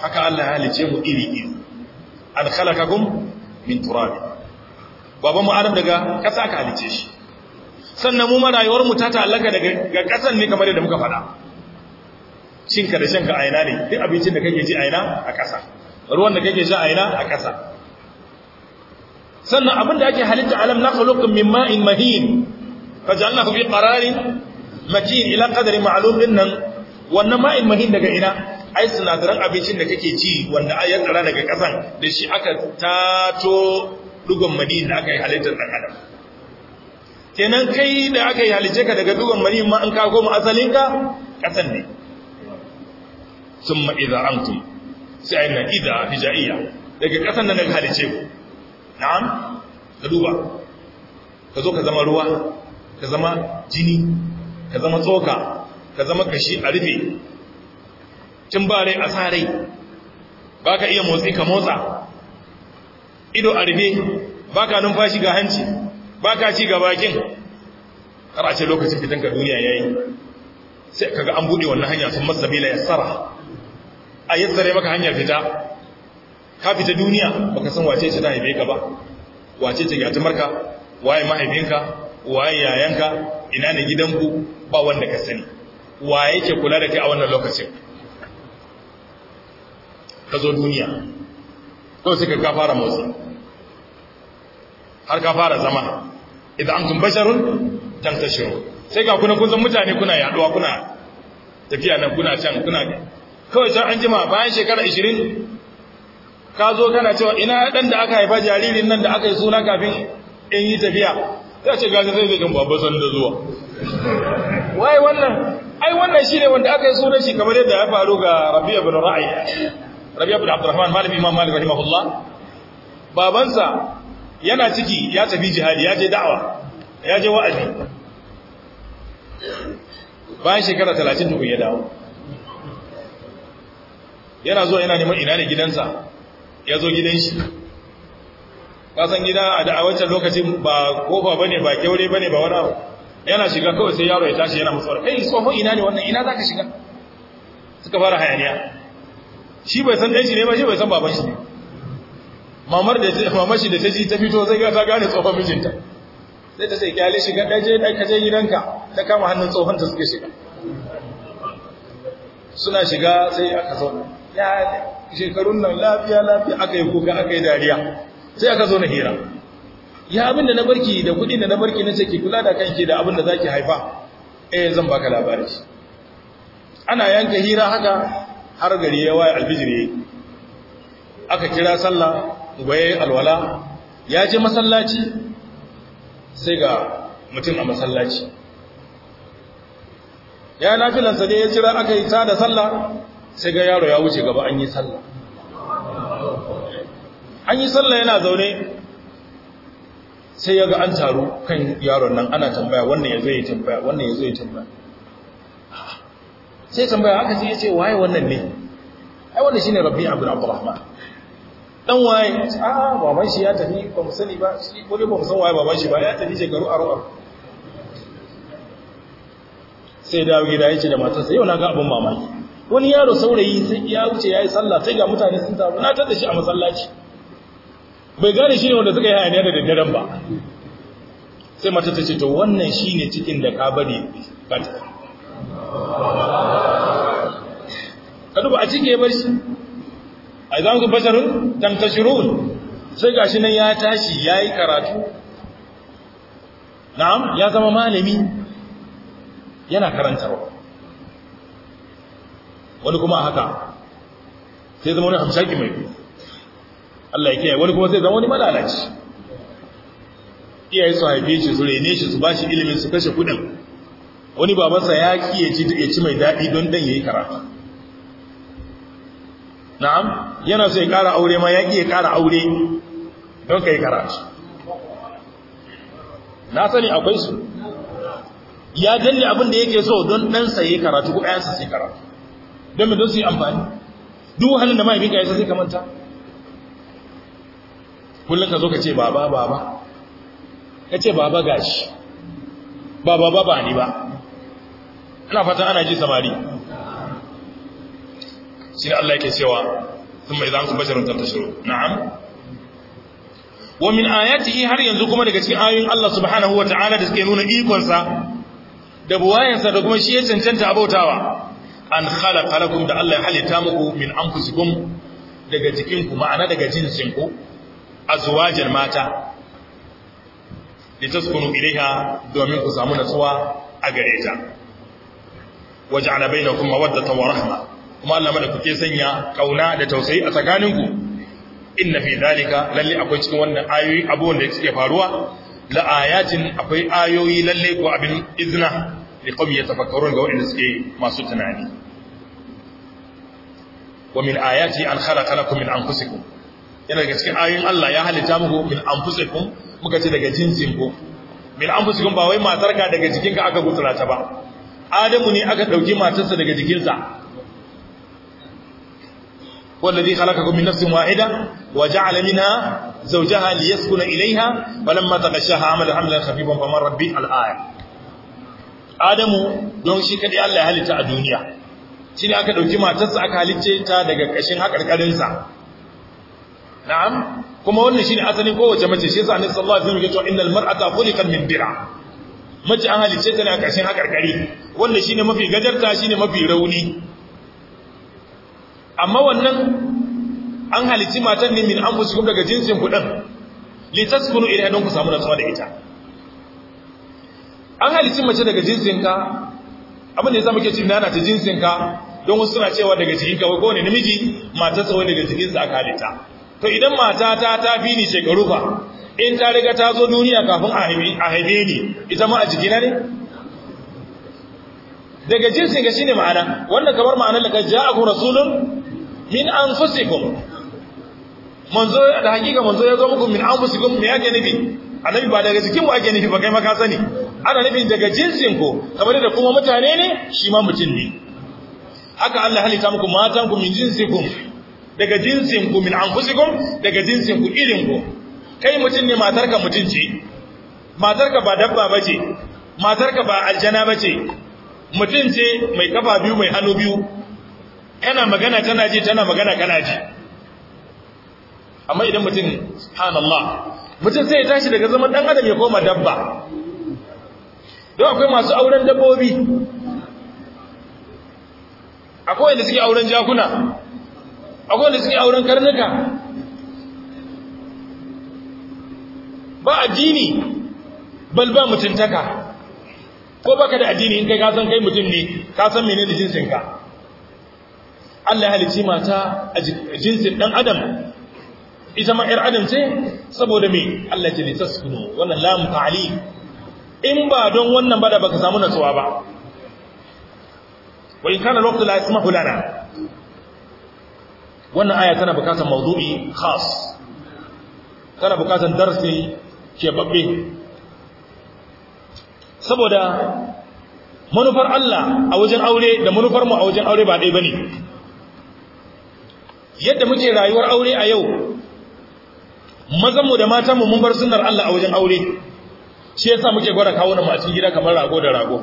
S1: haka Allah ya halice mu iri iri an khalaqakum min turab baban mu adam daga kasa aka halice shi sannan mu ma rayuwar mu ta ta'allaka daga kasan ne kamar yadda muka faɗa Cin ka da shan ka aina ne duk abincin da kake ji a ina a kasa ruwan da kake sha aina a kasa sannan abin da ake halitta alam na khuluqu min ma'in mahin fajalnahu fi qararin matin ila qadarin ma'lum dinnan wannan ma'in mahin daga ina ai sinadaran abincin da kake ci wanda ya tsara daga kasan da shi aka tato dugon mani da aka yi halittar ɗan adam kenan kai da aka yi halice ka daga dugon mani ma an ka koma asalinka kasan ne summa idza antum sai ayyana idza hijaiya daga kasan da daga halice ku na'am ka duba ka zo ka zama ruwa ka zama jini ka zama tsoka ka zama kashi a rufe tun ba rai a sa rai ba ka iya motsi ka motsa ido a rufe ba ka numfashi ga hanci ba ka ci ga bakin ce lokacin fitan ka duniya ya yi sai kaga an buɗe wannan hanya sun masabila ya tsara a tsare maka hanyar fita ka fita duniya ba ka san wace ce ta haife ka ba wace ce waye mahaifinka waye yayanka ina ne gidanku ba wanda ka sani waye ke kula da kai a wannan lokacin ka zo duniya kawai sai ka fara motsi har ka fara zama idan an ta tantashiru sai ga kuna kunzan mutane kuna yaduwa kuna tafiya nan kuna can kuna kawai can an jima bayan shekara 20 ka zo kana cewa ina dan da aka haifa jaririn nan da aka yi suna kafin in yi tafiya sai ce gaza sai zai babba san da zuwa wai wannan ai wannan shine wanda aka yi sunan shi kamar yadda ya faru ga Rabi'a bin
S2: Ra'i
S1: Abu da abdurrahman malami imam malik rahimahullah babansa yana ciki ya tafi jihadi ya je da'awa ya je wa'azi bayan shekara 30 da ya dawo yana zuwa yana neman ina ne gidansa ya zo gidan shi kasan gida a da'awacin lokacin ba kofa bane ba kyaure bane ba wani abu yana shiga kawai sai yaro ya tashi yana mutuwar kai tsohon ina ne wannan ina za ka shiga suka fara hayaniya shi bai san dan ne ba shi bai san baban shi ne mamar da mamar shi da ta ji ta fito sai ga ta gane tsohon mijinta sai ta sai kyale shiga daje dai ka je gidanka ta kama hannun tsohon ta suka shiga suna shiga sai aka zauna ya shekarun nan lafiya lafiya aka yi kuka aka yi dariya sai aka zo na hira ya abin da na barki da kudin da na barki na ce ki kula da kanki da abin da zaki haifa eh zan baka labari ana yanka hira haka har gari ya waye albijiri aka kira sallah gwaye alwala ya je masallaci sai ga mutum a masallaci ya nafilansa ne ya jira aka yi da sallah sai ga yaro ya wuce gaba an yi sallah an yi sallah yana zaune sai ya ga an taru kan yaron nan ana tambaya wannan ya zo ya tambaya wannan ya zo ya tambaya sai tambaya haka sai ya ce waye wannan ne ai wannan shine rabbi abdul abdurrahman dan waye a baban shi ya tafi ba mu sani ba shi ko ne ba mu san waye baban shi ba ya tafi shekaru aro aro sai dawo gida ya ce da matarsa yau na ga abin mamaki wani yaro saurayi sai ya wuce ya yi sallah sai ga mutane sun taru na tada shi a masallaci bai gane shi ne wanda suka yi hayaniya da daddaren ba sai matar ta ce to wannan shine cikin da ka bari ba ka duba a cikin bar shi a za ku basharun tamtashirun sai gashi nan ya tashi ya yi karatu na'am ya zama malami yana karantarwa wani kuma haka sai zama wani hamshaki mai kuma Allah ya kiyaye wani kuma sai zama wani malalaci iyaye su haife shi su rene shi su ba shi ilimin su kashe kudin wani babansa ya ki ya ci mai daɗi don ɗan ya yi karatu na'am yana so ya ƙara aure ma ya kiye ya ƙara aure don ka yi karatu na sani akwai su ya danne abin da yake so don ɗansa ya yi karatu ko ɗayansa sai karatu don mai don su yi amfani duk halin da mahaifinka ya sa sai ka manta kullum ka zo ka ce baba baba ka ce baba gashi ba baba ba ni ba Ana fatan ana ji samari shi ne Allah yake cewa sun mai zan ku basharun tantashiru na'am wa min ayatihi har yanzu kuma daga cikin ayoyin Allah subhanahu wa ta'ala da suke nuna ikonsa da buwayensa da kuma shi ya cancanta abautawa an khalaqa lakum da Allah ya halitta muku min anfusikum daga ku ma'ana daga jinsinku azwajan mata litaskunu ilaiha domin ku samu natsuwa a gareta. waj'ala bainakum mawaddatan wa rahma kuma Allah mada kuke sanya kauna da tausayi a tsakaninku inna fi dhalika lalle akwai cikin wannan ayoyi abubuwan da suke faruwa la ayatin akwai ayoyi lalle ko abin izna li qawmi yatafakkarun ga wanda suke masu tunani wa min ayati an khalaqa lakum min anfusikum yana daga cikin ayoyin Allah ya halitta muku min anfusikum muka ce daga jinsin ku min anfusikum ba wai matarka daga jikinka aka gutsura ta ba adamu ne aka ɗauki matarsa daga jikinsa والذي خلقكم من نفس واحدة وجعل منها زوجها ليسكن إليها ولما تغشاها عمل حملا خفيفا فما ربي الآية آدم don shi kadai Allah ya halitta a duniya shine aka dauki matarsa aka halicce ta daga kashin hakarkarinsa na'am kuma wannan shine asalin kowace mace shi yasa Annabi sallallahu alaihi wasallam ya ce innal mar'ata mace an halice ta ne a ƙarshen haƙarƙari wanda shi ne mafi gajarta shi ne mafi rauni amma wannan an halici matan ne min an fusi kuma daga jinsin kuɗin kunu ila don ku samu natsuwa da ita an halici mace daga jinsinka abin da ya zama ke cin nana ta jinsinka don wasu suna cewa daga jikinka ko ne namiji matarsa wai daga jikinsa aka halitta to idan mata ta ta fi ni shekaru fa in ta riga ta zo duniya kafin a haife ni ita ma a jikina ne daga jinsi ga shine ma'ana wannan kamar ma'anar laka ja'akum rasulun min anfusikum manzo da hakika manzo ya zo muku min anfusikum me yake nufi annabi ba daga jikin mu ake nufi ba kai ma ka sani ana nufin daga jinsin ku kamar da kuma mutane ne shi ma mutum ne haka Allah halitta muku matan ku min jinsikum daga jinsin ku min anfusikum daga jinsin ku irin ku kai mutum ne matarka mutum ce matarka ba dabba ba ce matarka ba aljana ba ce mutum ce mai kafa biyu mai hannu biyu kana magana tana ji tana magana kana ji amma idan mutum subhanallah mutum sai ya tashi daga zaman dan adam ya koma dabba don akwai masu auren dabbobi akwai wanda suke auren jakuna akwai wanda suke auren karnuka ba addini bal ba mutuntaka ko baka da addini in kai ka san kai mutum ne ka san menene jinsin ka Allah ya halicci mata a jinsin dan adam ita ma 'yar adam ce saboda me Allah ya ce taskunu wannan lam ta'lim in ba don wannan ba da baka samu natsuwa ba wa in kana lokacin la yasmahu lana wannan aya tana bukatar mawdu'i khas tana bukatar darasi. keɓaɓɓe saboda manufar Allah a wajen aure da manufarmu a wajen aure ba ɗaya ba ne yadda muke rayuwar aure a yau mazanmu da matanmu mun bar sunar Allah a wajen aure shi yasa muke gwada kawo na masu gida kamar rago da rago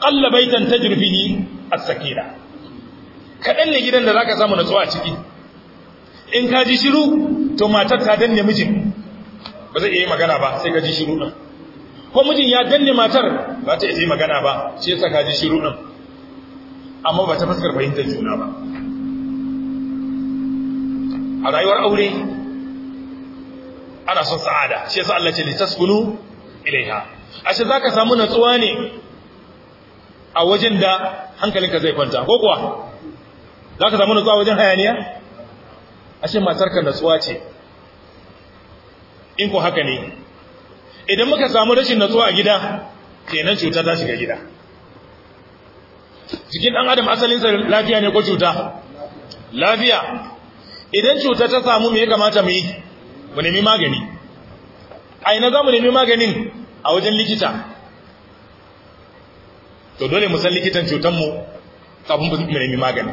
S1: Allah baitan tajrifihi as-sakina kadan ne gidan da zaka samu natsuwa a ciki in ka ji shiru to matar ta danne mijin ba zai iya magana ba sai ka ji shiru din ko mijin ya danne matar ba ta iya magana ba shi yasa ka ji shiru din amma ba ta fuskar fahimtar juna ba a rayuwar aure ana son sa'ada shi yasa Allah ce tasbunu ilaiha ashe zaka samu natsuwa ne a wajen da hankalinka zai kwanta ko kuwa zaka samu natsuwa wajen hayaniya ashe matarka natsuwa ce in ko haka ne idan muka samu rashin natsuwa a gida kenan cuta ta shiga gida jikin dan adam asalinsa lafiya ne ko cuta lafiya idan cuta ta samu me ya kamata mu yi mu nemi magani a ina za mu nemi maganin a wajen likita to dole mu san likitan cutanmu kafin mu nemi magani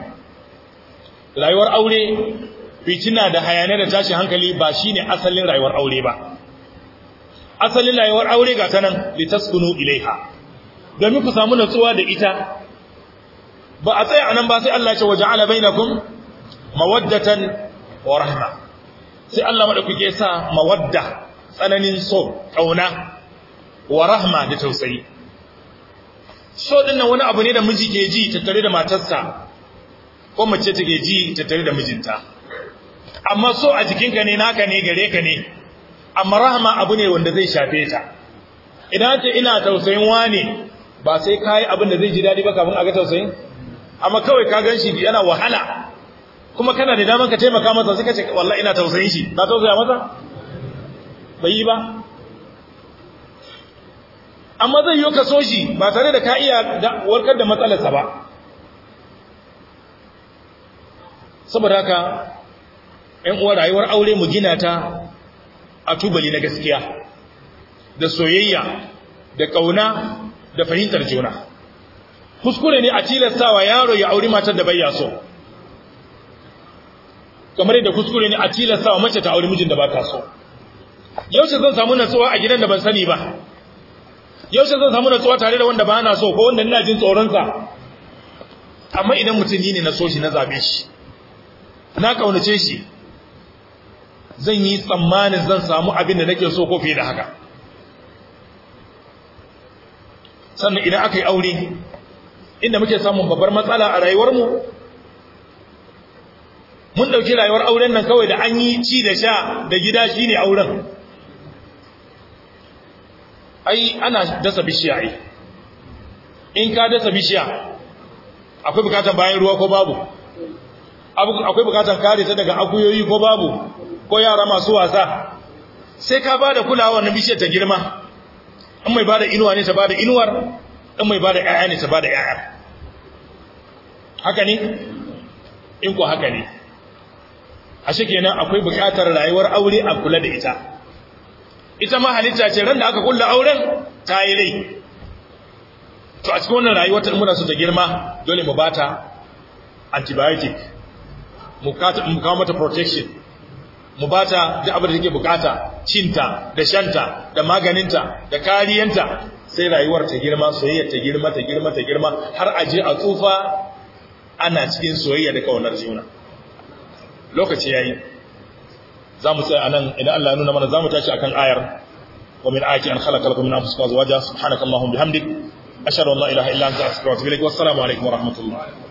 S1: rayuwar aure fitina da hayanai da tashi hankali ba shine asalin rayuwar aure ba asalin rayuwar aure ga tanan litaskunu ilaiha domin ku samu natsuwa da ita ba a tsaya anan ba sai Allah ya ce waja'ala bainakum mawaddatan wa rahma sai Allah ma kuke sa mawadda tsananin so kauna wa rahma da tausayi so nan wani abu ne da miji ke ji tattare da matarsa ko mace take ji tattare da mijinta amma so a jikinka ne naka ne gare ka ne amma rahama abu ne wanda zai shafe ta idan ce ina tausayin wani ba sai kai abin da zai ji dadi ba kafin a ga tausayin amma kawai ka ganshi yana wahala kuma kana da daman ka taimaka masa sai ka ce wallahi ina tausayin shi ka tausaya masa bai yi ba amma zai yi ka so shi ba tare da ka iya warkar da matsalarsa ba saboda haka ‘yan uwa rayuwar aure mu gina ta a tubali na gaskiya da soyayya da ƙauna da fahimtar juna kuskure ne a tilastawa yaro ya auri matar da bayya so kamar yadda kuskure ne a tilastawa mace ta auri mijin da ba ta so yaushe zan samu natsuwa a gidan da ban sani ba yaushe zan samu natsuwa tare da wanda ba na so ko wanda ina jin tsoronsa amma idan mutum yi ne na so shi na zabe shi na kaunace shi zan yi tsammanin zan samu abin da nake so ko fiye da haka sannan idan aka yi aure inda muke samun babbar matsala a rayuwarmu mun ɗauki rayuwar auren nan kawai da an yi ci da sha da gida shi ne auren ai ana dasa bishiya ai in ka dasa bishiya akwai bukatar bayan ruwa ko babu akwai bukatar kare ta daga akuyoyi ko babu ko yara masu wasa sai ka ba da kulawa na bishiyar ta girma in mai ba da inuwa ne ta ba da inuwar in mai ba da ƴaƴa ne ta ba da ƴaƴa haka ne in ko haka ne ashe kenan akwai buƙatar rayuwar aure a kula da ita ita ma halitta ce ran da aka kulla auren ta yi rai to a cikin wannan rayuwar ta muna so ta girma dole mu ba ta antibiotic mu kawo mata protection mu ba ta da abin da take bukata cinta da shanta da maganinta da kariyanta sai rayuwar ta girma soyayya ta girma ta girma ta girma har a je a tsufa ana cikin soyayya da kaunar juna lokaci yayi za mu tsaya anan idan Allah ya nuna mana za mu tashi akan ayar wa min ayati an khalaqa lakum min anfusikum azwaja subhanakallahumma bihamdik ashhadu an la ilaha illa anta astaghfiruka wa atubu ilaik wassalamu alaikum wa rahmatullah